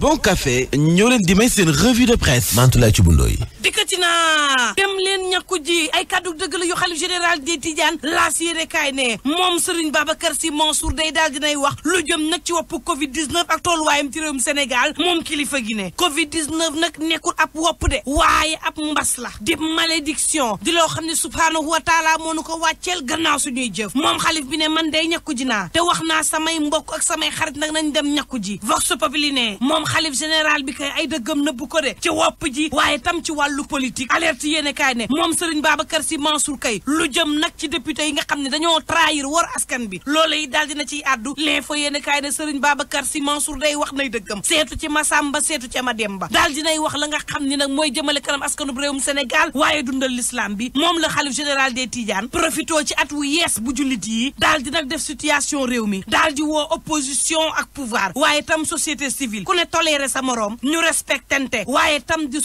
bon café ñoo leen di may seen revue de presse Mantoulaye Thioub Ndoye dikkati naa dem leen ñàkku ji ay kaddu dëgg la yu xalif général des Tidiane laas yéene kaay ne moom Serigne Babacar Sy Mansour day daal nay wax lu jëm nag ci wopp Covid 19 ak tolluwaayam ci réewum Sénégal moom kilifa gi ne Covid 19 nag nekkul ab wopp de waaye ab mbas la di malédiction di loo xam ne subhaanahu wa taala moo nu ko wàcceel gannaaw suñuy jëf moom xalif bi ne man day ñàkku ji naa te wax naa samay mbokk ak samay xarit nag nañ dem ñàkku ji vox populi ne moom xalif général bi kay ay dëggam nëbbu ko de ci wopp tam ci wàllu politique alerte yéene kaay ne moom Serigne Babacar Sy Mansour kay lu jëm nag ci député yi nga xam ne dañoo trahir war askan bi loola yi daal dina ciy àddu l'info yéene kaay ne Serigne Babacar Sy Mansour day wax nay dëggam seetu ci Masamba seetu ci ba daal dinay wax la nga xam ni nag mooy jëmale kanam askanub réewum Sénégal waaye dundal l'islam bi moom la xalif général dee Tidiane profito ci at wu yees bu jullit yi daal di nag def situation réew mi daal di woo opposition ak pouvoir waaye tam société civile ku ne toléré sa moroom ñu respectante waaye tam di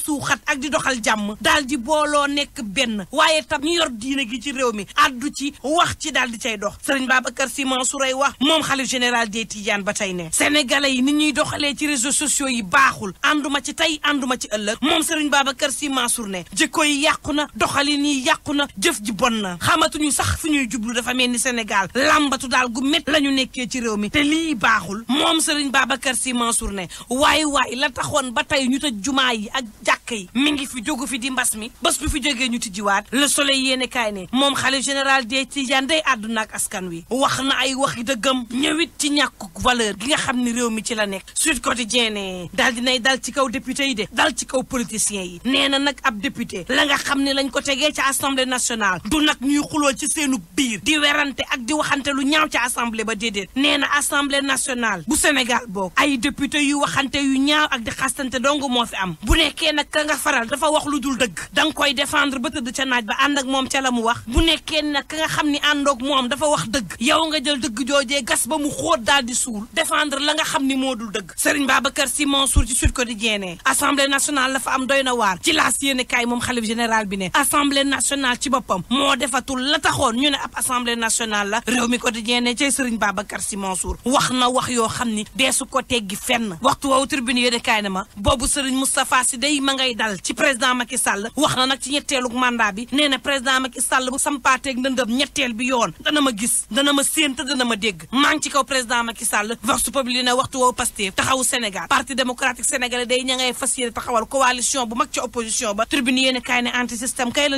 ak di doxal doxal jàmm daal ji booloo nekk benn waaye tam ñu yor diine gi ci réew mi addu ci wax ci daal di cay dox sëriñ Babacar Sy Mansour ay wax moom xalif général des Tidiane ba tey ne senegale yi ni ñuy doxalee ci réseaux sociaux yi baaxul ànduma ci tey ànduma ci ëllëg moom sëriñ Babacar Sy Mansour ne jikko yi yàqu na doxalin yi yàqu na jëf ji bon na xamatuñu sax fu ñuy jublu dafa mel ni senegal làmbatu daal gu mét la ñu nekkee ci réew mi te lii baaxul moom sëriñ Babacar Sy Mansour ne waay waay la taxoon ba tey ñu tëj jumaa yi ak jàkk yi jógu fi di mbas mi bés bu fi jógee ñu tijjiwaat le soleil yéene kaay ne moom xale général des Tidiane day àdduna ak askan wi wax na ay waxi dëggam ñëwit ci ñàkku valeur gi nga xam ne réew mi ci la nekk Sud Quotidien ne daal nay dal ci kaw député yi de dal ci kaw politiciens yi nee na nag ab député la nga xam ne lañ ko tegee ci assemblée nationale du nag ñuy xuloo ci seenu biir di werante ak di waxante lu ñaaw ci assemblée ba déedéet nee na assemblée nationale bu Sénégal boog ay député yu waxante yu ñaaw ak di moo fi am wax lu dul dëgg da nga koy défendre ba tëdd ca naaj ba ànd ak moom ca la mu wax bu nekkee nag ka nga xam ni àndoog moom dafa wax dëgg yow nga jël dëgg joojee gas ba mu xóot daal di suul défendre la nga xam ni moo dul dëgg Serigne Babacar Sy Mansour ci Sud Quotidien ne assemblée nationale la fa am doy na waar ci laas yéene kaay moom xalif général bi ne assemblée nationale ci boppam moo defatul la taxoon ñu ne ab assemblée nationale la réew mi quotidien ne ci Serigne Babacar Sy Mansour na wax yoo xam ni deesu ko teggi fenn waxtu woowu tribune yéene kaay na ma boobu Serigne Moustapha président Macky Sall wax na nag ci ñetteelu mandat bi nee na président Macky Sall bu sampaateeg ndëndëm ñetteel bi yoon dana ma gis dana ma séen te dana ma dégg maa ci kaw président Macky Sall vox bu mag ci opposition ba tribune yéen kaay ne anti système kay a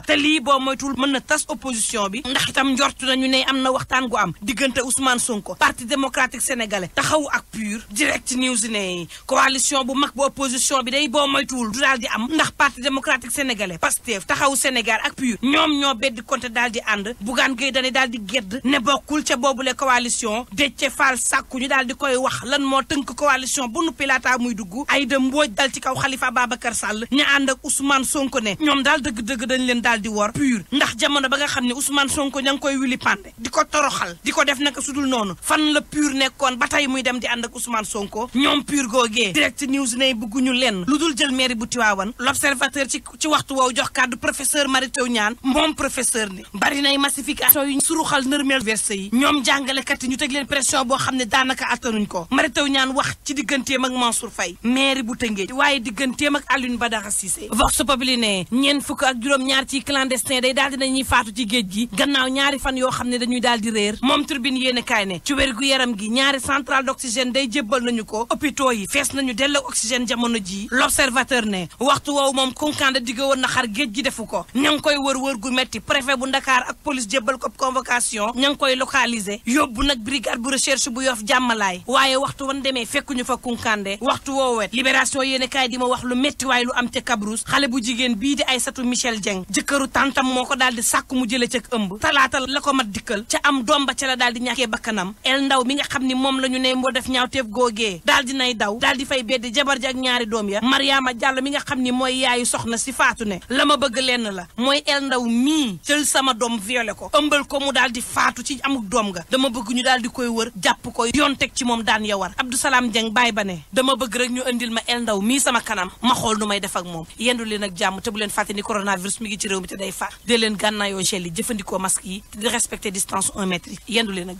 te lii boo moytul mën na tas opposition bi ndax itam njortu nañu ne am waxtaan gu am diggante Ousmane Sonko parti démocratique sénégalais taxawu ak pur direct news ne coalition bu mag bu opposition bi day boo moytuwul du daal di am ndax parti démocratique sénégalais Pastef taxawu Sénégal ak PUR ñoom ñoo beddi compte daal di ànd Bougane Gueye Dany daal di gedd ne bokkul ca boobule coalition Déthié Fall sàkku ñu daal di koy wax lan moo tënk coalition bu nuppi laataa muy dugg Aïda Mbodj dal ci kaw Khalifa Babacar Sall ña ànd ak Ousmane Sonko ne ñoom daal dëgg-dëgg dañ leen daal di wor PUR ndax jamono ba nga xam ne Ousmane Sonko ña ngi koy wili pande di ko toroxal di ko def naka sudul noonu fan la PUR nekkoon ba tey muy dem di ànd ak Ousmane Sonko ñoom PUR googee direct news ne bëgguñu lenn lu dul jël mairie bu Tiwaawan l'observateur ci ci waxtu woowu jox kàddu professeur Mary Teuw Niane moom professeur ni bari nay massification yu suruxal nërmeel versé yi ñoom jàngalekat yi ñu teg leen pression boo xam ne daanaka attanuñ ko Mary Teuw Niane wax ci digganteem ak Mansour Faye mairie bu Tëngéej waaye digganteem ak Alioune Badara Cissé vox populi ne ñeent fukk ak juróom-ñaar ci clandestin day daal dinañuy faatu ci géej gi gannaaw ñaari fan yoo xam ne dañuy di réer moom turbine yéen kaay ne ci wér gu yaram gi ñaari centrale d'oxygène day jébbal nañu ko hôpitaux yi fees nañu delloo oxygène jamono ji l'observateur ne waxtu woow moom kunkande digge woon na xar géej gi defu ko ña ngi koy wër wër gu metti préfet bu ndakaar ak police jébbal ko convocation ña ngi koy localiser yóbbu nag brigade bu recherche bu yof jàmmalaay waaye waxtu wan demee fekkuñu fa kunkande waxtu woowu wet libération yéene kaay di ma wax lu metti waaye lu am ca Kabrousse xale bu jigéen bii di Aysatu Michel Dieng jëkkëru tàntam moo ko daal di sàkk mu jële ca ëmb talaata la ko mat dikkal ca am doom ba ca la daal di ñàkkee bakkanam ndaw mi xam ni moom la ñu ne moo def ñaawteef googee daal daw daal di fay jabar ji ñaari doom ya ya Mariama Diallo mi nga xam ni mooy yaay soxna si faatu ne la ma bëgg lenn la mooy el ndaw mii jël sama doom violé ko ëmbal ko mu daal di faatu ci amuk doom ga dama bëgg ñu daal di koy wër jàpp ko yoon teg ci moom daan ya war Abdou Salam Dieng baay ba ne dama bëgg rek ñu indil ma el ndaw mii sama kanam ma xool nu may def ak moom yendu leen ak jàmm te bu leen fàtte ni coronavirus mi ngi ci réew mi te day faat dee leen gànnaayoo gel yi jëfandikoo masque yi te di respecter distance un mètre yi yendu leen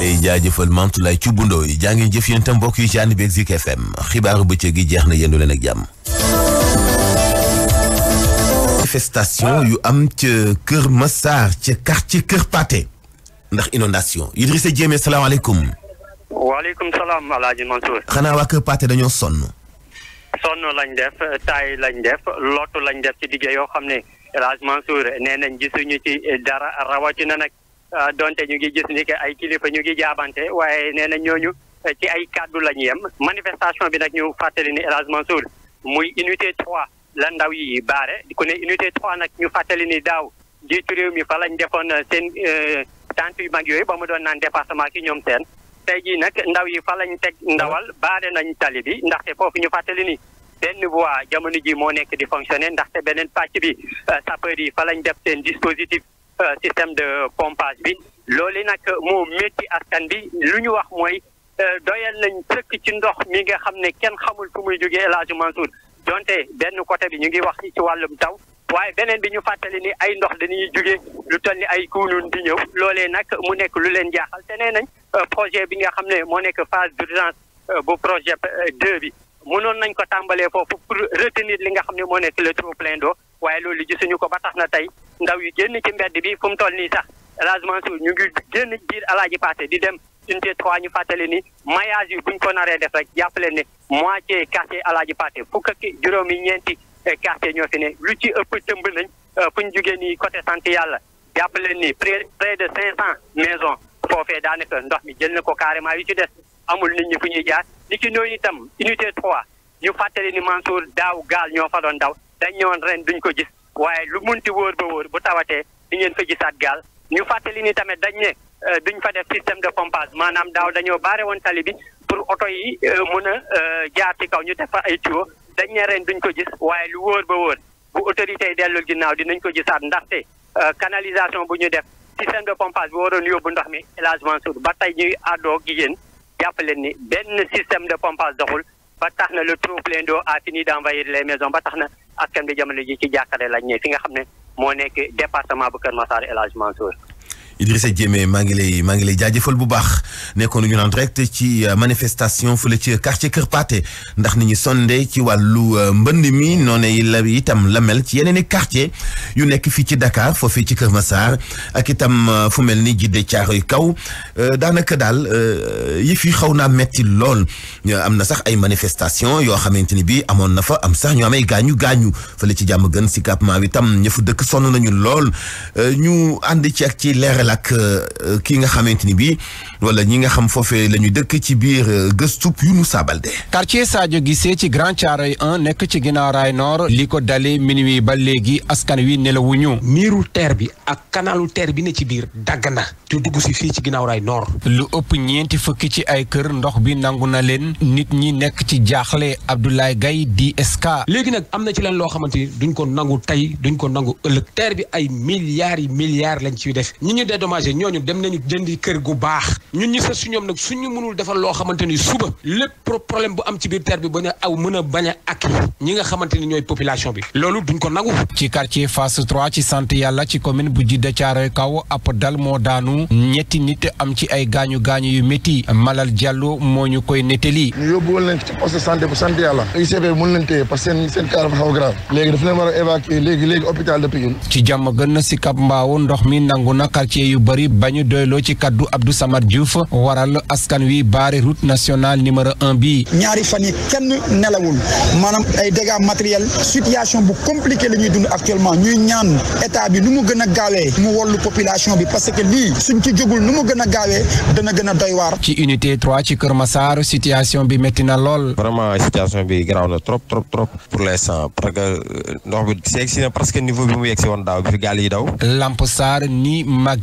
lay jaajëfal Mantoulaye Thioub Ndoye jaa ngeen jëf yéen itam mbokk yi ci ànd bi ak FM xibaaru bëccëg gi jeex na yendu leen ak jàmm manifestation yu am ca Kër Massar ca quartier Kër Paté ndax inondation Idrissa Diémé salaamaaleykum waaleykum salaam Alaaji Mansour xanaa waa Kër dañoo sonn sonn lañ def taay lañ def lottu lañ def ci digge yoo xam ne El Hadj Mansour nee nañ ci dara rawatina nag Euh, donte ñu ngi gis ni que ay kilifa ñu ngi jaabante waaye nee na ñooñu euh, ci ay kàddu la ñu yem manifestation bi nag ñu fàttali ni El Hadj Mansour muy unité 3 la ndaw yi baare ku ne unité 3 nag ñu fàttali ni daaw jiitu réew mi fa lañ defoon euh, seen tant yu mag yooyu ba mu doon naan département ki ñoom seen tey jii nag ndaw yi fa lañ teg ndawal baare nañ tali bi ndaxte foofu ñu fàttali ni benn voie jamono ji moo nekk di fonctionner ndaxte beneen pàcc bi sapeur yi fa lañ def seen dispositif Euh, système de pompage bi loolu nag moo métti askan bi lu ñu wax mooy euh, doyal nañ sëkk ci ndox mi nga xam ne kenn xamul fu muy jógee El Hadj donte benn côté bi ñu ngi wax ci wàllum taw waaye beneen bi ñu fàttali ni ay ndox dañuy jógee lu toll ni ay kunun di ñëw loolee nag mu nekk lu leen jaaxal te nee nañ euh, projet bi nga xam ne moo nekk phase d'urgence bu projet 2 bi noon nañ ko tàmbalee foofu pour retenir li nga xam ne moo nekk le trop plein d'eau waaye loolu suñu ko ba tax na tey ndaw yi génn ci mbedd bi fu mu toll nii sax ragement su ñu ngi génn biir alaaji passé di dem unité 3 ñu fàttali ni maillage yi buñ ko naree def rek jàppale ne moitié quartier alaaji passé fukk ak juróomi ñeenti quartier ñoo fi ne lu ci ëpp tëmb nañ euh, fu ñu jugee nii côté sant yàlla jàppale ni près près de cinq cent maisons foofee daanaka ndox mi jël na ko carrément yu ci des amul nit ñi fu ñu jaar li ci noonu itam unité 3 ñu fàttali ni Mansour daaw gaal ñoo fa doon daw dañ ñëwoon ren duñ ko gis waaye lu munti wóor ba wóor bu tawatee di ngeen fa gisaat gaal ñu fàttali nii tamit dañ ne euh, duñ fa def système de pompage maanaam daaw dañoo baare woon tali bi pour oto yi euh, mën a euh, jaar ci kaw ñu def fa ay tuyaux dañ ne ren duñ ko gis waaye lu wóor ba wóor bu autorité yi dellul ginnaaw dinañ ko saat ndaxte canalisation bu ñu def système de pompage bi waroon yóbbu ndox mi Elhadj Mansour ba tey ñuy àddoo gi yéen jàpp leen ni benn système de pompage doxul ba tax na le trop plein d'eau a fini d'envahir les maisons ba tax na askan bi jamono ji ci jàkkaare lañ ne fi nga xam ne moo nekk département bu Kër Massar El Hadj Idrissa Diémé maa ngi lay maa ngi lay jaajëfal bu baax nekkoon nu ñu naan direct ci euh, manifestation fële ci quartier Kër Paate ndax ni ñu sonde ci wàllu euh, mbënd mi noonee la itam la mel ci yeneen i quartier yu nekk fii ci Dakar foofii ci Kër Massar ak itam euh, fu mel ni Jidde Caaroy kaw daanaka daal yëf yi xaw naa metti lool am na sax ay manifestation yoo xamante ni bii amoon na fa am sax ñoo amay gaañu gaañu fële ci jàmm gën si Cap Maodo itam ñëfu dëkk sonn nañu lool ñu ànd ci ci leeral ànd ak euh, kii nga xamante ni bii wala ñi nga xam foofe la ñu dëkk ci biir euh, gëstub Younoussa Baldé. quartier Sadio Guissé ci Grand Thiaroye nekk ci ginnaaw raay nord li ko dalee minuit ba léegi askan wi nelawuñu. miiru teer bi ak kanalu teer bi ne ci biir dagg na te dugg si fii ci ginnaaw raay noor lu ëpp ñeenti fukki ci ay kër ndox bi nangu na leen nit ñi nekk ci jaaxle Abdoulaye Gaye DSK. léegi nag am na ci leen loo xamante ni duñ ko nangu tey duñ ko nangu ëllëg terre bi ay milliards yi milliards lañ ciy dédommagé ñooñu dem nañu jëndi kër gu baax ñun ñi sa su ñoom nag suñu mënul defal loo xamante ni suba lépp problème bu am ci biir terre bi a aw mën nga xamante ni ñooy population bi loolu duñ ko nangu. ci quartier Fass 3 ci sant ci commune bu Djiddah Thiaroye Kaw ab dal moo daanu ñetti nit am ci ay gaañu gaañu yu métti Malal Diallo moo ñu koy nettali. ñu yóbbu woon leen ci poste santé bu sant yàlla. ICP dafa leen war évacuer léegi léegi hôpital de Pikine. ci jàmm gën na si Kapa ndox mi nangu na quartier policier yu bëri bañu doyloo ci kaddu Abdou Samad Diouf waral askan wi baare route nationale numéro en bi ñaari fan yi kenn nelawul maanaam ay dégâts matériels situation bu compliqué la ñuy dund actuellement ñuy ñaan état bi nu mu gën a gaawee mu wollu population bi parce que lii suñ ci jógul nu mu gën a gaawee dana gën a doy waar ci unité 3 ci Kër saar situation bi métti na lool vraiment situation bi garaaw na trop trop trop pour l'instant parce que euh, ndox bi seeg si na mu yegg woon daaw bi yi daw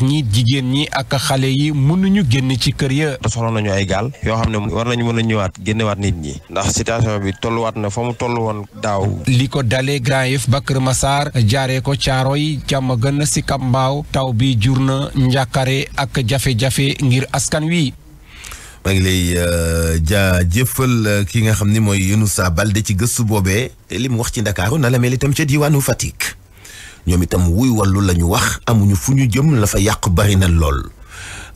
ñi jigéen ñi ak xale yi mënuñu génn ci kër ya te soxla nañu ay gaal yoo xam ne war nañu mën a ñëwaat génnewaat nit ñi ndax situation bi tolluwaat na fa mu toll woon daaw li ko dalee Grand Yoff ba Kër ma saar jaaree ko Caaroy jàmm gën si kambaaw taw bi jur na njàkkare ak jafe-jafe ngir askan wi maa ngi lay euh, jaajëfal euh, ki nga xam ni mooy yënu Younoussa Baldé ci gëstu boobee li mu wax ci Ndakaaru na la mel itam ca diwaanu Fatick ñoom itam wuy wàllu la ñu wax amuñu fu ñu jëm la fa yàqu bari na lool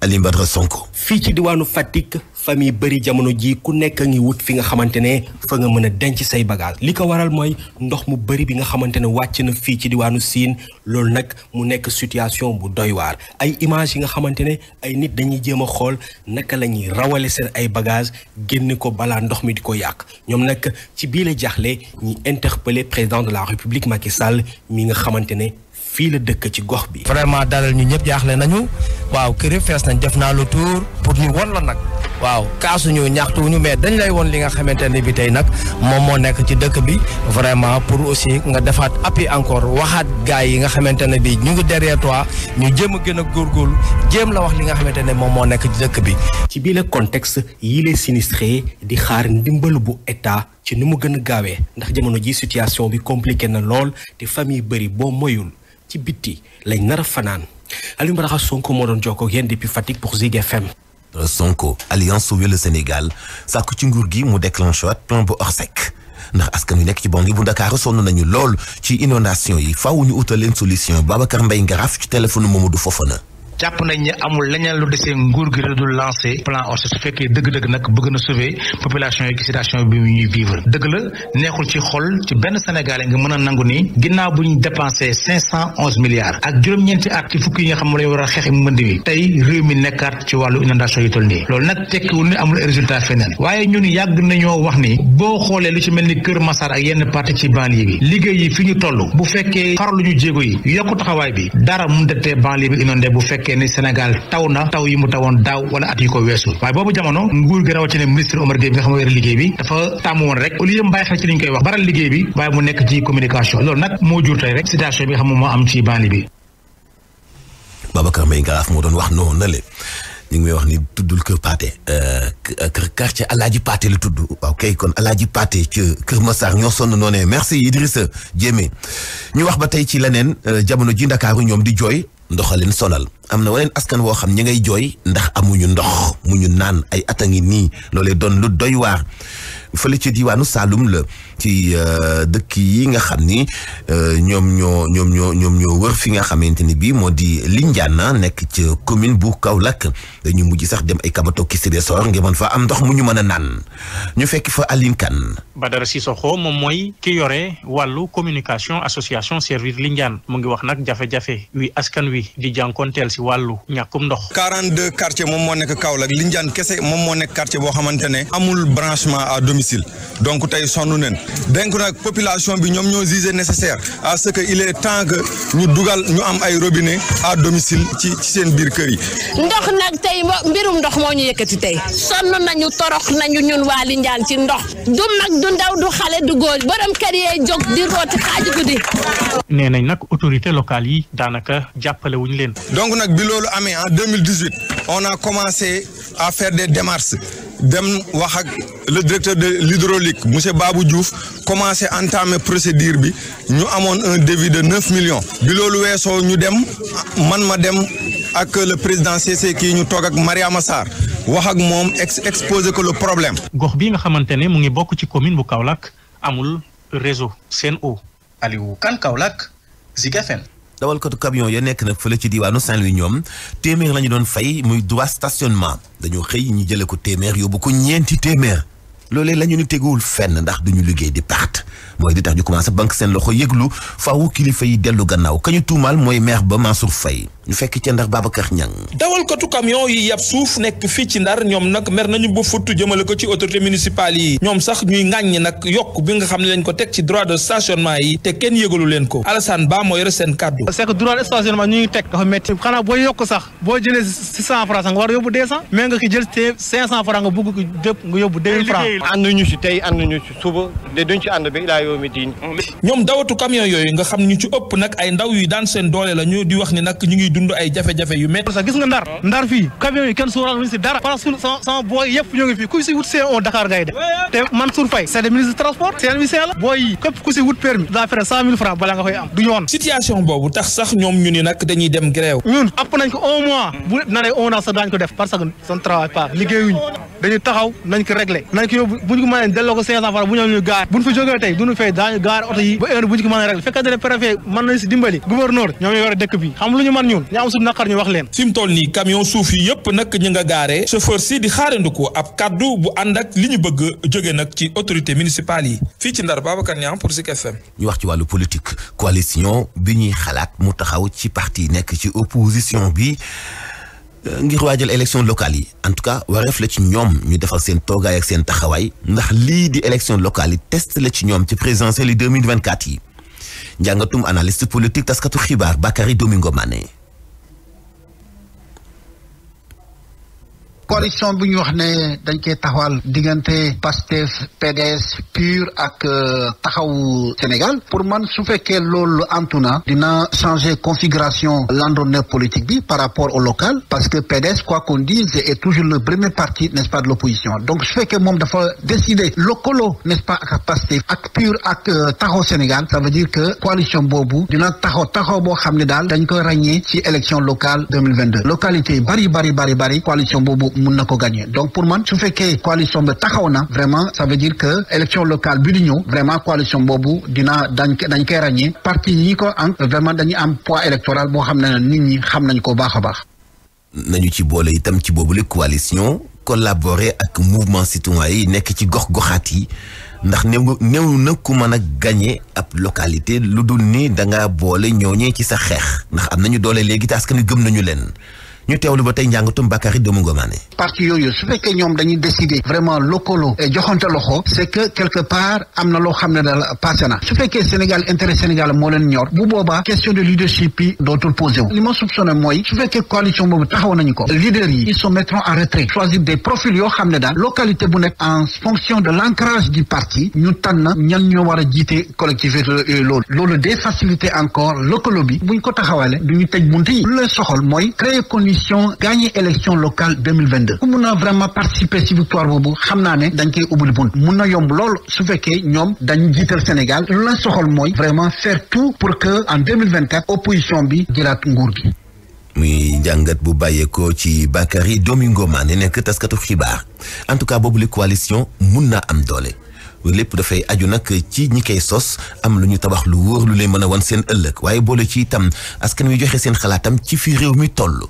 Alioune Sonko. fii ci diwaanu Fatick. famille bëri jamono ji ku nekk a ngi wut fi nga xamante ne fa nga mën a denc say bagage li ko waral mooy ndox mu bëri bi nga xamante ne wàcc na fii ci diwaanu Sine loolu nag mu nekk situation bu doy waar ay image yi nga xamante ne ay nit dañuy jéem a xool naka la ñuy rawale seen ay bagage génne ko balaa ndox mi di ko yàq ñoom nag ci bii la jaaxle ñi interpellé président de la république Macky Sall mi nga xamante ne fii la dëkk ci gox bi. vraiment dalal ñu ñëpp jaaxle nañu waaw kër fees nañ def naa lu tour pour ñu won la nag waaw ñaxtu ñaxtuwuñu mais dañu lay won li nga xamante ne bi tey nag moom moo nekk ci dëkk bi vraiment pour aussi nga defaat appui encore waxaat gars yi xamante ne bi ñu ngi derrière ñu jéem a gën a góorgóorlu jéem la wax li nga xamante ne moom moo nekk ci dëkk bi. ci biir le contexte yi les sinistrés di xaar ndimbal bu état. ci ni mu gën a gaawee ndax jamono ji situation bi compliqué na lool te famille bëri boo moyul ci bitti lañ nar a fanaan Aliou Mbaraxa Sonko moo doon jokkoo ak depuis Fatick pour Zik FM. Sonko alliance Sauver le Sénégal sàkku ci nguur gi mu déclenché waat plan bu Orsec ndax askan wi nekk ci banlieue bu Dakar sonn nañu lool ci inondation yi faaw ñu utal leen solution Babacar Mbaye Ngaraaf ci téléphone Mamadou Fofana. jàpp nañ ne amul leneen e na sauver population yi ci situation bi ñuy vivre dëgg la neexul ci xol ci benn Sénégalais a nangu ni ginnaaw bu ñu dépensé cinq cent onze milliards ak juróom-ñeenti at ci fukki yi nga xam ne war a xeexi mbënd wi tey réew nekkaat ci wàllu inondation yi toll loolu nag tekkiwul ni amul résultat feneen waaye ñun yàgg nañoo wax ni boo xoolee lu ci mel ni Kër Massar ak yenn parti ci banlieue bi liggéey yi fi ñu toll bu fekkee faraluñu jéego yi yokku taxawaay bi dara mun datee bi inondé bu fekkee fekkee ne Sénégal taw na taw yi mu tawoon daaw wala at yi ko weesu waaye boobu jamono nguur gi rawatina ministre Omar Gueye bi nga xam ne liggéey bi dafa tàmm woon rek au mu koy wax baral liggéey bi waaye mu nekk ci communication loolu nag moo jur tey rek situation bi nga xam ne moo am ci banlieue bi. Babacar Mbaye Ngaraaf moo doon wax noonu na le ñu ngi may wax ni tuddul kër Paate euh, kër quartier Alaaji Paate la tudd waaw kay kon Alaaji Paate ci kër Massar ñoo sonn noonee merci Idrissa Diémé ñu wax ba tey ci leneen euh, jamono ji Ndakaaru ñoom di jooy ndox a leen sonal am na waneen askan woo xam ñi ngay jooy ndax amuñu ndox mu ñu naan ay at a ngi nii loolee doon lu doy waar fële ca diwaanu Saalum la ci euh, dëkk yi nga xam ni euh, ñoom ñoo ñoom ñoo ñoom ñoo wër fi nga xamante ni bii moo di Lindiane nekk ci commune bu Kaolack dañu mujj sax dem ay Kamato ki Siresor ngir mën fa am ndox mu ñu mën a naan ñu fekk fa Aline Kane. Badara Sissoko moom mooy ki yore wàllu communication association servir Lindiane mu ngi wax nag jafe-jafe wi askan wi di jànkonteel si wàllu ñàkkum ndox. 42 quartiers moom moo nekk Kaolack Lindiane kese moom moo nekk quartier boo xamante ne amul branchement à domicile donc tey sonn nañ donc nag population bi ñoom ñoo jugé nécessaire à ce que il est temps que ñu dugal ñu am ay robinet à domicile ci ci seen biir kër yi. ndox nag tey mbirum ndox moo ñu yëkkati tey sonn nañu torox nañu ñun waa Lindiane ci ndox du mag du ndaw du xale du góor kër yee jóg di rooti xaaju guddi. nee nañ nag autorité locale yi daanaka jàppalewuñ leen. donc nag bi loolu amee en 2018 on a commencé affaire faire des démarches. dem wax ak le directeur de l'hydraulique monsieur Babou Diouf commencé entamer procédure bi ñu amoon un devis de neuf millions bi loolu weesoo ñu dem man ma dem ak le président CC kii ñu toog ak Mariama Sarr wax ak moom ex exposé ko le problème. gox bii nga xamante ne mu ngi bokk ci commune bu Kaolack amul réseau Sen'Eau. Aliou Kane Kaolack Zik dawalkatu camion ya nekk nag fële ci diwaanu Saint-Louis ñoom téeméer la ñu doon fay muy droit stationnement dañoo xëy ñu jële ko téeméer yóbbu ko ñeenti téeméer loolee lañu ñu ni teguwul fenn ndax duñu liggéey di perte mooy di tax ñu commencé banque seen loxo yëglu faawu kilifa yi dellu gannaaw kañu tuumaal mooy maire ba Mansour Faye ñu fekk ca ndax Babacar Niang dawalkatu camion yi yab suuf nekk fii ci ndar ñoom nag mer nañu bu futt jëmale ko ci autorité municipale yi ñoom a yóbbu deux dawatu camion yooyu nga xam ñu ci ëpp nag ay ndaw yu daan seen doole la ñu di wax ni nag ñu ngi dund ay jafe-jafe yu métti sax gis nga ndar ndar fii camion yi kenn sóoraal ñu dara booy yëpp ñoo ngi fii ku si wut C1 Dakar ngay def te Mansour Faye c'est le ministre transport service la booy yi ku si wut permis daa fere cent mille francs bala nga koy am du yoon situation boobu tax sax ñoom ñu nag dañuy dem grève ñun app nañ ko un mois bu naree un an sax daañ ko def parce que son travail pas liggéeyuñu dañuy taxaw nañ ko régler nañ ñun ña am naqar ñu wax leen fi mu toll nii camion suuf yëpp nag ñu nga gaaree chauffeur si di ab kaddu bu ànd ak li ñu bëgg jóge nag ci autorité municipale yi fii ci Ndar Babacar Niang pour Zik ñu wax ci wàllu politique coalition bi ñuy xalaat mu taxaw ci parti nekk ci opposition bi euh, ngir waajal élection locale yi en tout cas wareef la ci ñoom ñu defal seen toogaay ak seen taxawaay ndax lii di élection locale yi test la ci ñoom ci présidentielle yi 2024 yi njàngatum analyste politique taskatu xibaar Bakary Domingo Mané coalition bu ñu wax ne dañ koy taxawal diggante PASTEF PDS PUR ak euh, taxawu Sénégal pour man su fekkee loolu antu na dina changer configuration landonnée politique bi par rapport au parce que PDS quoi qu'on dise toujours le parti n'est-ce pas de l'opposition su fekkee moom dafa décider lëkkaloo n'est-ce pas ak PASTEF ak PUR ak euh, taxaw Sénégal ça veut que coalition boobu dina taxaw taxaw boo xam ne daal dañ koy ràññee ci élection locale 2022 localité bari bari bari bari coalition boobu mun na ko gagner donc pour man su fekkee coalition bi taxaw na vraiment ça veut dire que élection locale bi di ñëw vraiment coalition boobu dina dañ dañ koy ràññee parti yi ko am vraiment dañuy am poids électoral boo xam ne nit ñi xam nañ ko baax a baax. nañu ci boole itam ci boobu boobule coalition collaborer ak mouvement citoyen yi nekk ci gox-goxaat yi ndax néew néew na ku mën a gagné ab localité lu dul nii danga ngaa boole ñooñee ci sa xeex ndax am nañu doole léegi te askan wi gëm nañu leen. ñu teewlu ba tey njàngatum Bakary Domingo Mané parti yooyu su fekkee ñoom dañuy décider vraiment lëkkaloo et eh, joxante loxo c'est que quelque part am na loo xam ne daal passé na su fekkee Sénégal intérêt Sénégal moo leen ñor bu boobaa question de leadership yi dootul posé wu li ma soupçonné mooy su fekkee coalition boobu taxaw nañu ko leaders yi ils se mettront en retrait choisir des profils yoo xam localité bu nekk en fonction de l'ancrage du parti ñu tànn ñan ñoo war a jiite collectivité euh, loolu loolu day faciliter encore lëkkaloo bi buñ ko taxawale duñu tëj bunt yi lu leen soxal mooy ambition gagner élection locale 2022 ku mun naa vraiment participer ci victoire boobu xam naa ne dañ koy ubbul bunt mun na yomb lool su fekkee ñoom dañu jiital Sénégal lu la soxal mooy vraiment faire tout pour que en 2024 opposition bi jëlaat nguur gi muy jàngat bu bàyyeekoo ci Bakary Domingo Mané nekk taskatu xibaar en tout cas boobu la coalition mun naa am doole lépp dafay aju nag ci ñi koy sos am lu ñu tabax lu wóor lu leen mën a wan seen ëllëg waaye boole ci itam askan wi joxe seen xalaatam ci fi réew mi toll.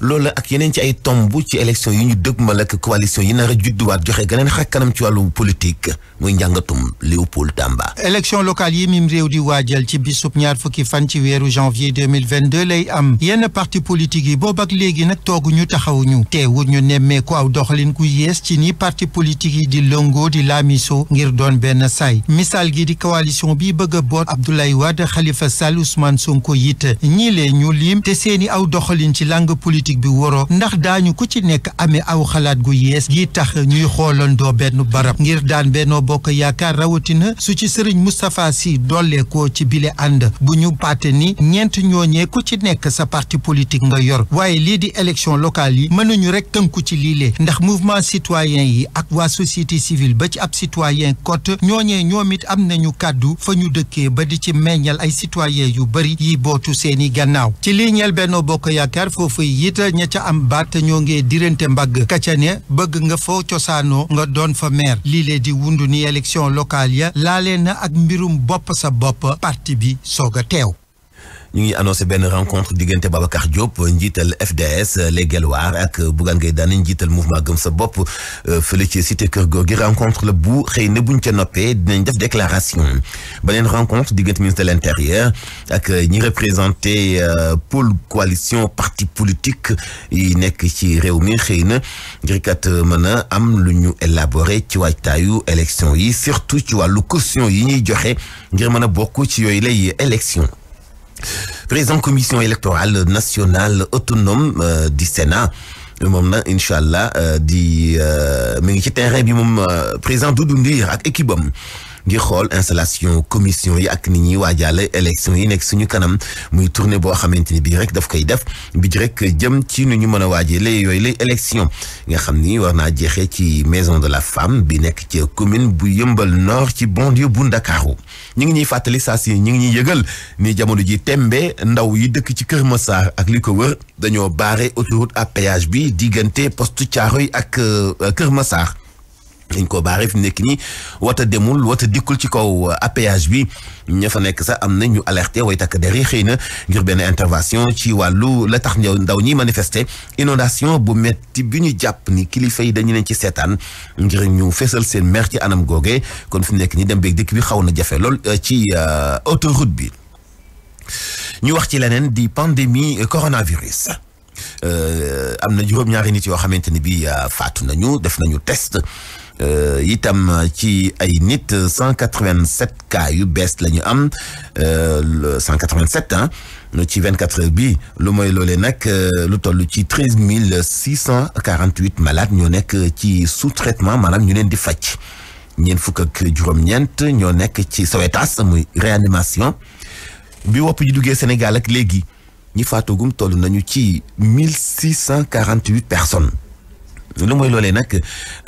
loolu la ak yeneen ci ay tomb ci élection yi ñu dëgmal ak coalition yi nar a judduwaat joxe geneen xaj kanam ci wàllu politique muy njàngatum Léopold Tamba. élection locale yi miim réew di waajal ci bisub ñaar fukki fan ci weeru janvier 2022 lay am yenn parti politique yi boobu ak léegi nag ñu taxawuñu teewul ñu nemmeeku aw doxalin ku yées ci ni parti politique yi di lëngoo di laamiso ngir doon benn saay misaal gi di coalition bi bëgg a boot Abdoulaye Wade Khalifa Sall Ousmane Sonko yit ñii ñu lim te aw doxalin ci langue politique politique bi waroo ndax daañu ku ci nekk amee aw xalaat gu yees gi tax ñuy xoolandoo benn barab ngir daan Benno Bokk Yaakaar rawatina su ci sëriñ Moustapha Sy dolleekoo ci bile ànd bu ñu pàtte ni ñeent ñooñee ku ci nekk sa parti politique nga yor waaye lii di élection locale yi mënuñu rek tënku ci liile ndax mouvement citoyen yi ak waa société civile ba ci ab citoyen cote ñooñee ñoom it am nañu kàddu fa ñu dëkkee ba di ci meññal ay citoyen yu bari yi bootu seeni gannaaw it ña ca am baat ñoo ngee dirante mbagg kaccane bëgg nga foo cosaanoo nga doon fa maire lii lee di wundu ni élection locale ya laalee na ak mbirum bopp sa bopp parti bi soog a teew ñu ngi annoncé benn rencontre diggante Babacar Diop njiital FDS les Guelwaar ak Bougane Gueye Dany njiital mouvement gëm sa bopp euh, fële ci cité Kër Gorgui rencontre la bu xëy na buñ ca noppee dinañ def déclaration beneen rencontre diggante ministre de l'intérieur ak euh, ñi représenté euh, pôle coalition parti politique yi nekk ci réew mi xëy na ngir kat mën a am lu ñu élaboré ci waajtaayu élection yi surtout ci wàllu caution yi ñuy joxe ngir mën a bokk ci yooyu lay élection président commission électorale nationale autonome euh, du Sénat moom na incha allah euh, di euh, mi ngi ci terrain bi moom président Doudou Ndir ak équipe ngir xool installation commission yi ak ni ñuy waajaale élection yi nekk suñu kanam muy tournée boo xamante ni bii rek daf koy def bi direk jëm ci nu ñu mën a waajalee yooyu lay élection nga xam ni war naa jeexee ci maison de la femme bi nekk ci commune bu yëmbal nord ci banlieue bu Ndakaaru ñu ngi ñuy fàttali saa si ñu ngi ñuy yëgal ni jamono ji tembe ndaw yi dëkk ci Kër Massar ak li ko wër dañoo baare autoroute à péage bi diggante caaro yi ak euh, Kër Massar dañ ko baare fi nekk nii wata demul wata dikkul ci kaw euh, APH bi ña fa nekk sax am nañu ñu alerté way takk der yi xëy na ngir benn intervention ci wàllu la tax ndaw ñi manifester inondation bu metti bi ñu jàpp ni kilifa yi dañu leen ci seetaan ngir ñu fesal seen mer ci anam googe kon fu nekk nii dem beeg dikk bi xaw na jafe lool euh, ci euh, autoroute bi ñu wax ci leneen di pandémie coronavirus am na juróom-ñaari nit yoo xamante ni bi faatu nañu def nañu test Euh, itam ci ay nit cent quatre-vingt-sept cas yu bees la ñu am euh, cent quatre-vingt-sept ah ci vingt-quatre heures bi lu mooy loolee nag euh, lu toll ci treize mille six cent quarante ñoo nekk ci sous-traitement maanaam ñu leen di faj ñeent fukk ak juróom-ñeent ñoo nekk ci Sowetas muy réanimation bi wopp ji duggee Sénégal ak léegi ñi faatugum tollu nañu ci mille six cent quarante-huit personnes lu mooy loolee nag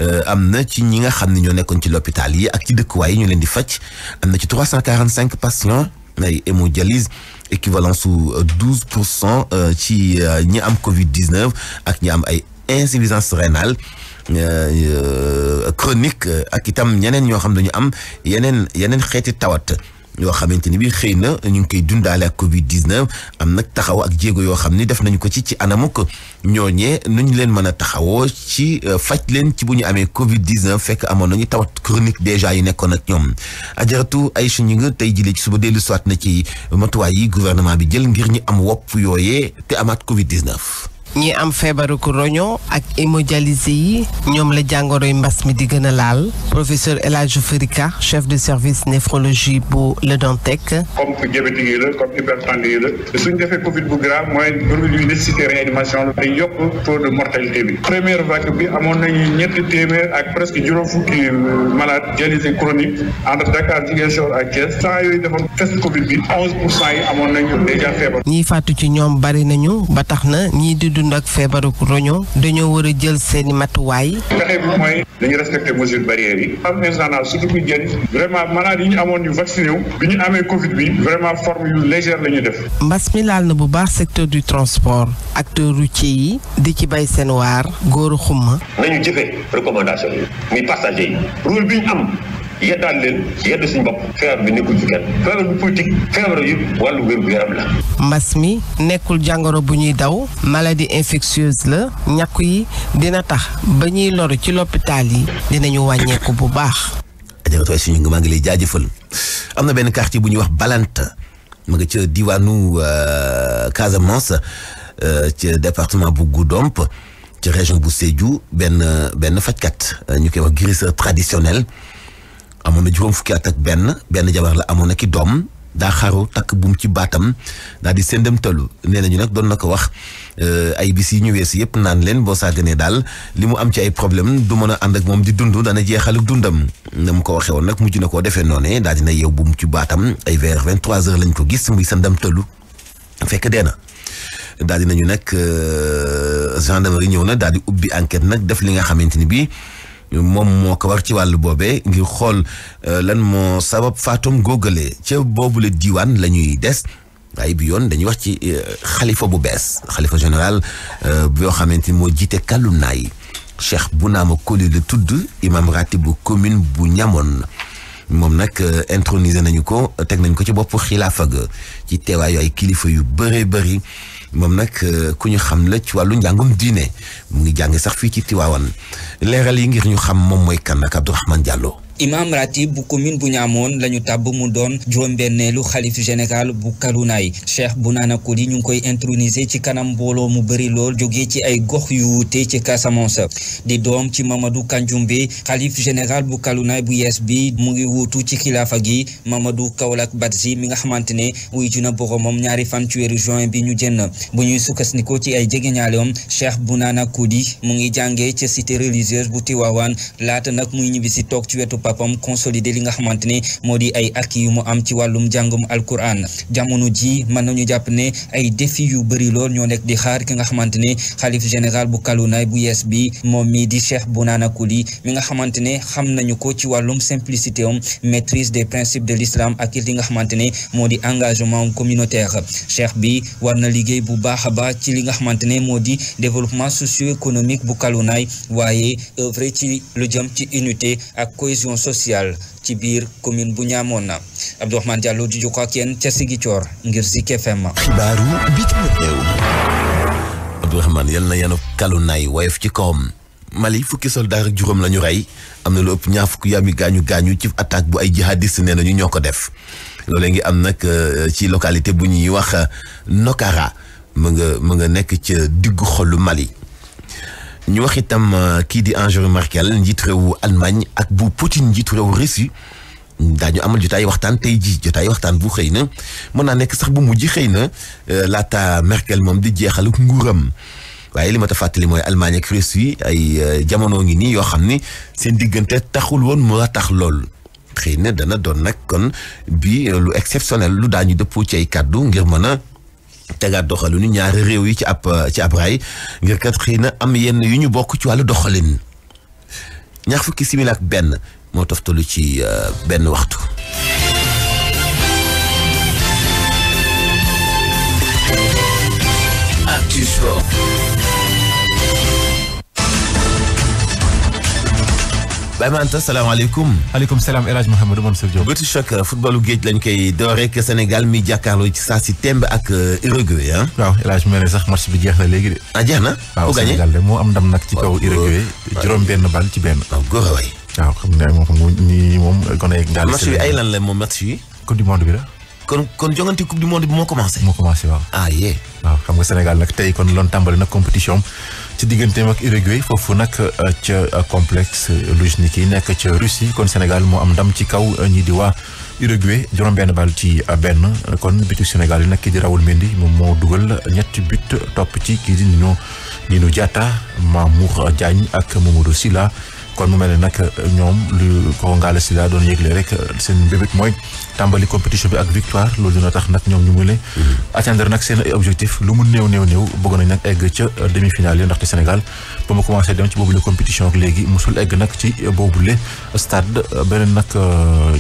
euh, am na ci ñi nga xam ne ñoo nekkoon ci l'hôpital yi ak ci dëkkuwaay yi ñu leen di facc am na ci trois cent quarante cinq patients ay hémodialyse équivalent su euh, douze pour cent euh, ci ñi am Covid dix neuf ak ñi am ay insuffisance rénale cronique ak itam ñeneen ñoo xam ne ñu am yeneen yeneen xeeti tawat. yoo xamante ni bi xëy na ñu ngi koy dundaale ak Covid 19 am nag taxaw ak jéego yoo xam ni def nañu ko ci ci anamuk ñooñee nu ñu leen mën a taxawoo ci euh, faj leen ci bu ñu amee Covid 19 fekk amoon nañu tawat chronique déjà yi nekkoon ak ñoom. ajaratu ay suñu nga tey jii ci suba dellu soit na ci matuwaay yi gouvernement bi jël ngir ñu am wopp yooyee te amaat Covid 19. ñi am feebaru ko roño ak hémodialysé yi ñoom la jàngoroy mbas mi di gën a laal professeur El Hadj Ferika chef de service néphrologie bu Le suñ defee Covid bu grave mooy loolu ñuy nécessité réanimation la day yokk taux de mortalité bi. première vague bi amoon nañu ñetti téeméer ak presque juróom fukki malade dialysé chronique entre Dakar Ziguinchor ak Thiès saa yooyu defoon test Covid bi amoon nañu déjà feebar. ñiy faatu ci ñoom bari nañu ba tax na ñiy dund ak feebaru roño dañoo war a jël seeni matuwaay. pexe bi mooy dañu respecté mesure barrière yi. am instant surtout muy jël vraiment yi ñu amoon yu vacciné wu bi ñu amee Covid bi vraiment forme yu légère la ñu def. mbas mi laal na bu baax secteur du transport acteur routier yi di ci bay seen waar góor xumma. nañu jëfee recommandation yi muy passager yi rôle bi am. yeddaan leen yedd suñu bopp feebar bi nekkul fi kenn feebar bi politique feebar yu wàllu wér-gu-yaram la. mbas mi nekkul jàngoro bu ñuy daw maladie infectieuse la ñàkku yi dina tax ba ñuy loru ci lopitaal yi dinañu wàññeeku bu baax. ajalaatwaay suñu ngi maa ngi lay jaajëfal am na benn quartier bu ñuy wax Balanta mu nga ca diwaanu euh, Casamance euh, ca département bu Goudomp ci région bu Sédhiou benn benn fajkat euh, ñu koy wax guérisseur traditionnel amoon na juróom fukki at ak benn benn jabar la amoon na ki doom daa xaru takk buum ci baatam daal di sëndëmtalu nee ñu nag doon na ko wax euh, ay bis yi ñu weesu yëpp naan leen boo sàgganee daal li mu am ci ay problème du mën a ànd ak moom di dund dana jeexal ak dundam na mu ko waxee woon nag mujj na koo defee noonu daal dina yeew buum ci baatam ay vers vingt trois heures lañ ko gis muy sëndëmtalu fekk dee na daal dinañu nag euh, gendarmerie ñëw na daal di ubbi enquête nag def li nga xamante ni bii moom moo ko war ci wàllu boobee ngir xool euh, lan moo sabab faatum góogale ca boobule diiwaan la ñuy des ay bi yoon dañuy wax ci euh, xalifa bu bees xalifa général euh, yoo xamante ni moo jiite kàllu naa yi cheikh bu naama koli la tudd imam ratib bu commune bu ñamoon moom nag intronisé nañu ko teg nañ ko ci bopp xilaafa ga ci teewaayu ay kilifa yu bëree bëri moom nag euh, ku ñu xam la ci wàllu njàngum diine mu ngi jàng sax fii ci Tiwaawan leeral yi ngir ñu xam moom mooy kan ak Abdourahmane Diallo. imaam ratib bu commune bu ñaamoon la ñu tàbb mu doon juróom-benneelu xalif général bu kalunaay cheikh bu naanakul yi ñu ngi koy introniser ci kanam mbooloo mu bëri lool jóge ci ay gox yu wuute ci Casamance di doom ci mamadu Mamadou Kanjumbe xalif général bu kalunaay bu yees bi mu ngi wuutu ci xilaafa gi Mamadou Kaolack Badji mi nga xamante ne na juna boromam ñaari fan ci weeru juin bi ñu jënn bu ñuy sukkasnikoo ci ay jegeñaaleem cheikh bu naanakul yi mu ngi jàngee ca cité religieuse bu laata nag muy ñibbisi toog ci wetu papam consolider li nga xamante ne moo di ay ak yu mu am ci wàllum jàngum alquran jamono ji mën nañu jàpp ne ay défi yu bëri lool ñoo nekk di xaar ki nga xamante ne xalif général bu kalunaay bu yees bi moom mii di Cheikh Bounana Kouli mi nga xamante ne xam nañu ko ci wàllum simplicité am maîtrise des principes de l'islam ak li nga xamante ne moo di engagement communautaire cheikh bi war na liggéey bu baax a baax ci li nga xamante ne moo di développement socio bu kalunaay action sociale ci biir commune bu ñaamoon na Abdourahmane Diallo di jokko kenn ca Sigicoor ngir si FM. xibaaru bitim réew. Abdourahmane yal na yenu kalu naay woyof ci kawam. Mali fukki soldaar ak juróom la rey am na lu ëpp ñaar fukki yaam yi gaañu gaañu ci attaque bu ay jihadiste nee nañu ñoo ko def loolee am nag euh, ci localité bu ñuy wax euh, Nokara mu nga mu nga nekk ca diggu xolu Mali. ñu wax itam euh, kii di Angela Merkel njiitu réewu Allemagne ak bu Poutine njiitu réewu Russie daañu amal jotaay waxtaan tey jii jotaay waxtaan bu xëy na mën naa nekk sax bu mujj xëy na euh, laata Merkel moom di jeexal nguuram waaye li ma ta fàttali mooy Allemagne ak Russie ay euh, jamono ngi nii yoo xam ni seen diggante taxul woon moo tax lool. xëy na dana doon nag kon bi lu exceptionnel lu daañu dëppoo ci ay kàddu ngir mën a tegaat doxalinu ñaari réew yi ci ab ci ab raay ngir kat xëy na am yenn yu ñu bokk ci wàllu doxalin ñaar fukki simili benn moo tax toftalu ci euh, benn waxtu. Baye Manta salaamaaleykum. maaleykum salaam El Hadj Mouhamadou Mansour Diop. bëtu choc footballu géej lañ koy door rek Sénégal mi jàkkaarloo ci saa si temb ak euh, Uruguay ah. waaw ne sax match bi jeex na léegi de. ah jeex na. waaw moo am ndam nag ci kaw oh, oh. benn bal ci benn. waaw a waay. waaw xam ne moom xam nga nii moom kon ay. lan la moom match yi. coupe du monde bi kon kon jongante coupe du monde moo commencé. moo commencé waaw. ah yee. waaw xam nga Sénégal nag tey kon loon tàmbali na compétition ci digganteem ak Uruguay foofu nag euh, ca euh, complexe Luzhniki yi nekk ca Russie kon Sénégal moo am ndam ci kaw euh, ñi di waa Uruguay juróom-benn bal ci benn kon bitu Sénégal yi nag kii di Raoul Mendy moom moo dugal ñetti but topp ci kii di Nino Nino Diatta Mamour Diagne ak Mamadou Sylla kon mu mel ne nag euh, ñoom lu ko Ngalla Sylla doon yëgle rek euh, seen mbébét mooy tàmbali compétition bi ak victoire loolu dina tax nag ñoom ñu mu ne mhm. atteindre nag seen objectif lu mu néew néew néew bëgg nañ nag egg ca euh, demi-finale yi ndaxte Sénégal ba mu commencé dem ci boobule compétition ak léegi musul egg nag ci boobule stade beneen nag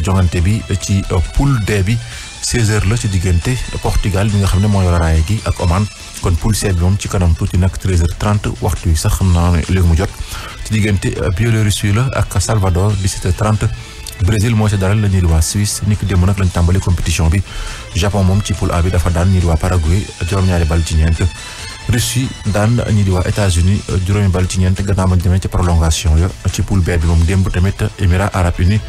jongante bi ci poule D bi 16 la ci diggante Portugal bi nga xam ne moo yor raaya gi ak Oman kon poule C bi moom ci kanam tuuti nag 13h30 waxtu yi sax xam naa ne léegi mu jot ci diggante euh, Biélorussie la ak Salvador 17h30 Brésil moo ci dalal la ñuy di ni ki démb nag lañ tàmbali compétition bi Japon moom ci poule A dafa daan ñii di waa Paraguay juróom-ñaari bal ci ñeent Russie daan ñii di waa États-Unis juróomi bal ci ñeent gannaaw ma demee ci prolongation ya ci poule B bi moom démb tamit Émirats arabes unis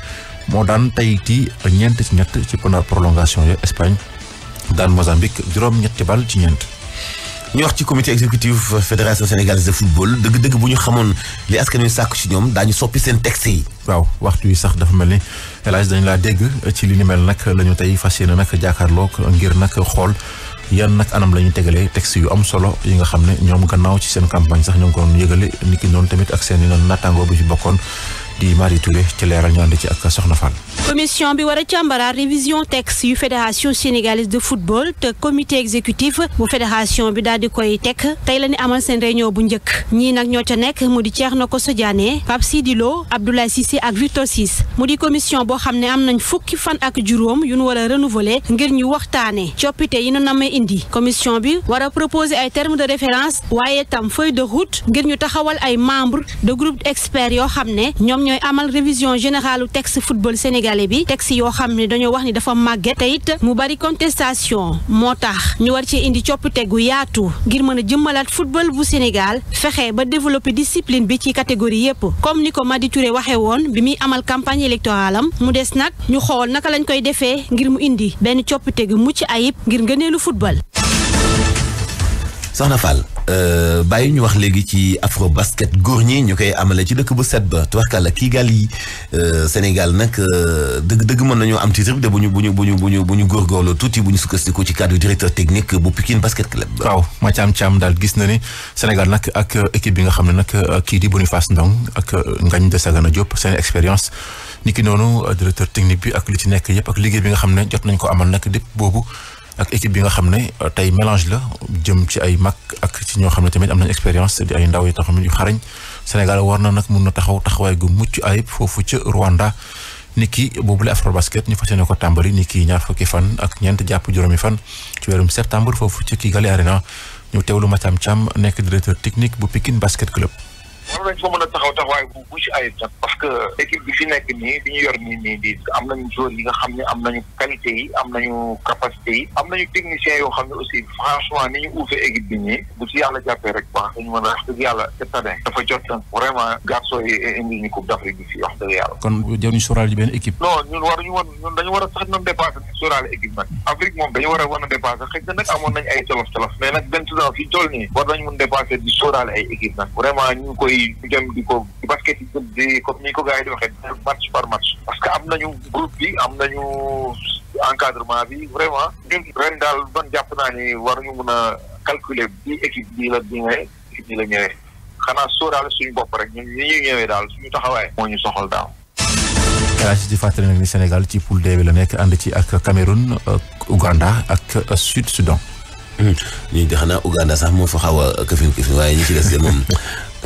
moo daan Tahiti ñeent ci ñett ci prolongation ya Espagne daan Mozambique juróom-ñetti bal ci ñeent. ñu wax ci comité exécutif fédération sénégalaise de football dëgg-dëgg bu ñu xamoon li askan wi sàkk ci ñoom daañu soppi seen texte yi. waaw waxtu yi sax dafa mel ni El Hadj dañu laa dégg ci li ni mel nag lañu tey fas yéene nag jàkkaarloog ngir nag xool. yan nag anam la ñu tegalee texte yu am solo yi nga xam ne ñoom gannaaw ci seen campagne sax ñoo ngi ko doon yëgale ni ki noonu tamit ak seen i naataangoo bi ci bokkoon di Marie Touré ci leeral ñu ànd ci ak Soxna Fall. commission bi war a càmbaraat révision texte yu fédération sénégalaise de football te comité exécutif bu fédération bi daal di koy teg tey la ñu amal seen réunion bu njëkk ñii nag ñoo ca nekk mu di Thierno na Diané Pape Sidi Lo Abdoulaye Cissé ak Victor Ciss mu di commission boo xam ne am nañ fukki fan ak juróom yu nu war a renouveler ngir ñu waxtaanee coppite yi nu namee indi commission bi war a proposer ay termes de référence waaye tam feuille de route ngir de groupe d'experts ñooy amal révision générale texte football sénégalais bi texte yoo xam ne dañoo wax ni dafa màgget te mu bari contestation moo tax ñu war ci indi coppite gu yaatu ngir mën a jëmmalaat football bu Sénégal fexe ba développer discipline bi ci catégorie yépp comme ni ko maditure Touré waxee woon bi muy amal campagne électorale mu des nag ñu xool naka lañ koy defee ngir mu indi benn coppite gu mucc ayib ngir ngëneelu football. soxna Fall euh, bàyyi ñu wax léegi ci afro basket góor ñi ñu koy amale ci dëkk bu set ba tubarkàlla kii gaal yi euh, Sénégal nag euh, dëgg dëgg mën nañu am titre de bu ñu bu ñu bu ñu bu ñu bu ñu góorgóorlu tuuti bu ñu sukkandiku ci cadre directeur technique bu Pikine basket club. waaw ma caam caam daal gis na ni Sénégal nag ak équipe bi nga xam ne nag kii di Boniface Ndong ak Ngagne de a Diop seen expérience. ki noonu directeur technique bi ak li ci nekk yëpp ak liggéey bi nga xam ne jot nañ ko amal nag dépp boobu. ak équipe bi nga xam ne euh, tey mélange la jëm ci ay mag ak ci ñoo xam ne tamit am nañ expérience di ay ndaw yi taxaw yu xarañ Sénégal war na nag mun na taxaw taxawaay gu mucc ayib foofu ca Rwanda. ni ki boobu boobule Afrobasket ñu fas yéene ko tàmbali ni ki ñaar fukki fan ak ñeent jàpp juróomi fan ci weerum septembre foofu ca Kigali na ñu teewlu Mathiam Thiam nekk directeur technique bu Pikine Basket Club. war nañ mën a taxaw taxawaay bu bu ci ayib parce que équipe bi fi nekk nii bi ñu yor nii nii nii am nañu joueurs yi nga xam ne am nañu qualité yi am nañu capacité technicien yoo xam ne aussi franchement ni ñu uufee équipe bi nii bu ci yàlla jàppee rek baax dañu mën a wax dëgg yàlla dafa jot nag vraiment garçon yi indi ñu coupe d'Afrique bi fii wax dëgg yàlla kon jëw ñu sóoraale ji benn équipe non ñun waruñu woon war a sax noon dépassé sóoraale équipe nag Afrique moom dañu war a war a dépassé xëy di sóoraale ay équipe ko basket yi di comme ni ko gars yi di match par match. parce que am nañu groupe bi am na nañu encadrement bi vraiment ñun ren daal man jàpp naa ni war ñu mun a calculer bi équipe bii la ñu ñëwee équipe bii la suñu bopp rek ñu ñi ñëwee daal suñu taxawaay. moo ñu soxal daaw. yaa ci fàttali nag ni Sénégal ci poule D bi la nekk ànd ci ak Cameroun Ouganda ak Sud Soudan. ñun hmm. de xanaa Ouganda sax moo fa xaw a këfin waaye ñi ci des moom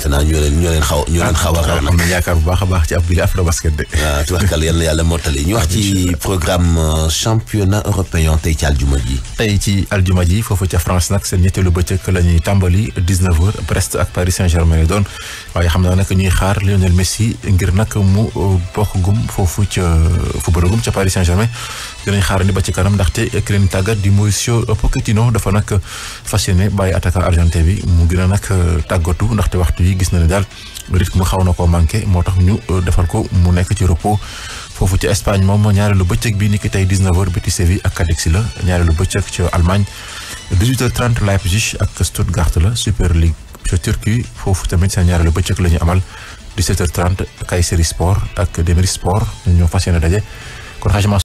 naa ñoo leen ñoo leen xaw ñoo leen xaw a raw ah, yaakaar bu baax a baax ci ab bi afro basket de waaw ah, tubaarkal yal na yàlla mottali ñu wax ci ah, programme euh, championnat européen tey ci aljuma ji tey ci aljuma ji foofu ca France nag seen ñetteelu bëccëg la ñuy tàmbali 19 heures Brest ak Paris Saint-Germain doon waaye xam naa nag ñuy xaar Lionel Messi ngir nag mu euh, bokk gum foofu ca euh, football gum ca Paris Saint-Germain dinañ xaarandi ba ci kanam ndaxte ki leen tàggat di Mauricio Pochettino dafa nag fas yéene bàyyi attaquant argentin bi mu gën a nag euh, tàggatu ndaxte waxtu yi gis na ne daal mu xaw na koo manqué moo tax ñu euh, defal ko mu nekk ci repos foofu ci Espagne moom ñaareelu bëccëg bi niki tey 19h Betis Séville ak Cadix la ñaareelu bëccëg ci Allemagne 18h30 Leipzig ak Stuttgart la Super League ca Turquie foofu tamit seen ñaareelu bëccëg la ñu amal 17h30 Kayseri Sport ak Demir Sport ñoo fas yéene daje